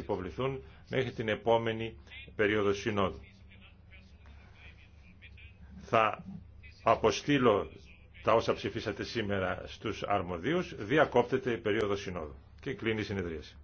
υποβληθούν μέχρι την επόμενη περίοδο συνόδου. Θα αποστείλω τα όσα ψηφίσατε σήμερα στους αρμοδίους, διακόπτεται η περίοδο συνόδου και κλείνει η συνεδρίαση.